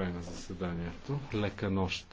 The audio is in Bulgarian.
край на заседанието. Лека нощ!